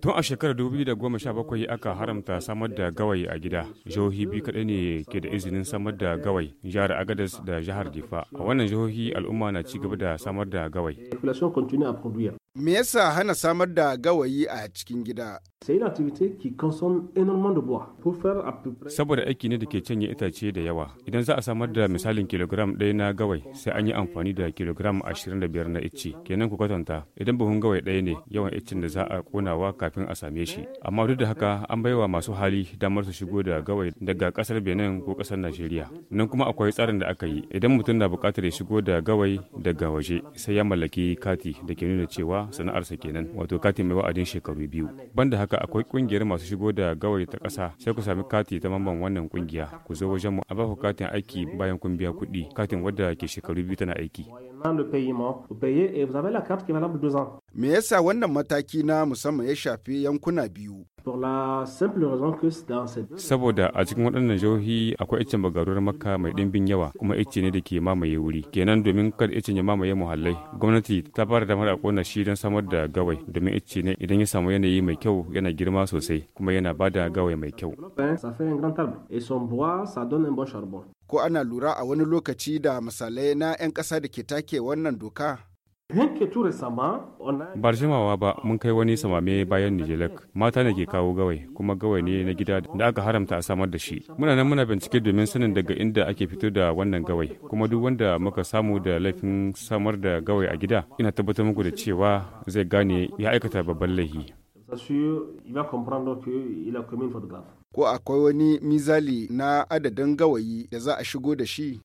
Tun a shekarar 2017 aka haramta samar da gawayi a gida. Jihohi biyu kaɗai ne ke da izinin samar da gawayi, jihar Agadez da jihar Difa. A wannan jihohi al'umma na ci gaba da samar da gawayi. Me yasa hana samar da gawayi a cikin gida? Saboda aiki ne da ke canye itace da yawa, idan za a samar da misalin kilogram ɗaya na gawai sai an yi amfani da kilogram 25 na icce, kenan ku kwatanta idan buhun gawai ɗaya ne yawan itacen da za a konawa kafin a same shi. Amma duk da haka an baiwa masu hali damar su shigo da gawai daga ƙasar Benin ko ƙasar Najeriya. Nan kuma akwai tsarin da aka yi, idan mutum na buƙatar ya shigo da gawai daga waje sai ya mallaki kati da ke nuna cewa sana'arsa kenan wato kati mai wa'adin shekaru biyu banda haka akwai kungiyar masu shigo da gawayi ta ƙasa sai ku sami kati ta mamban wannan kungiya ku zo wajen mu a ba ku katin aiki bayan kun biya kuɗi katin wadda ke shekaru biyu tana aiki maintenant le paiement. Me yasa wannan mataki na musamman ya shafi yankuna biyu. Saboda a cikin waɗannan jihohi akwai icen bagarurar maka mai ɗimbin yawa kuma ice ne da ke mamaye wuri. Kenan domin kada icen ya mamaye muhallai, gwamnati ta fara damar a ƙona shi don samar da gawai domin ice ne idan ya samu yanayi mai kyau yana girma sosai kuma yana bada gawai mai kyau. ko ana lura a wani lokaci da misalai na 'yan ƙasa da ke take wannan doka? Ba jimawa ba mun kai wani samame bayan Nijelek mata ne ke kawo gawai kuma gawai ne na gida da aka haramta a samar da shi. Muna nan muna bincike domin sanin daga inda ake fito da wannan gawai kuma duk wanda muka samu da laifin samar da gawai a gida ina tabbatar muku da cewa zai gane ya aikata babban laifi. il va comprendre que il a commis une faute Ko akwai wani mizali na adadin gawayi da za a shigo da shi?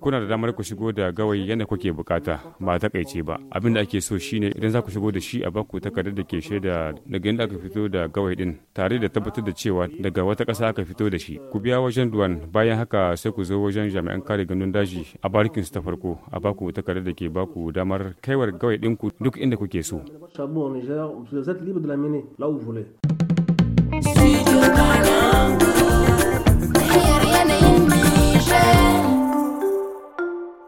Kuna da damar ku shigo da gawayi yadda kuke bukata ba ta kaice ba abin da ake so shine idan za ku shigo da shi a baku takardar da ke shaida daga inda aka fito da gawayi din tare da tabbatar da cewa daga wata ƙasa aka fito da shi ku biya wajen duwan bayan haka sai ku zo wajen jami'an kare gandun daji a barikin su ta farko a baku takardar da ke baku damar kaiwar gawayi ɗinku duk inda kuke so. Studio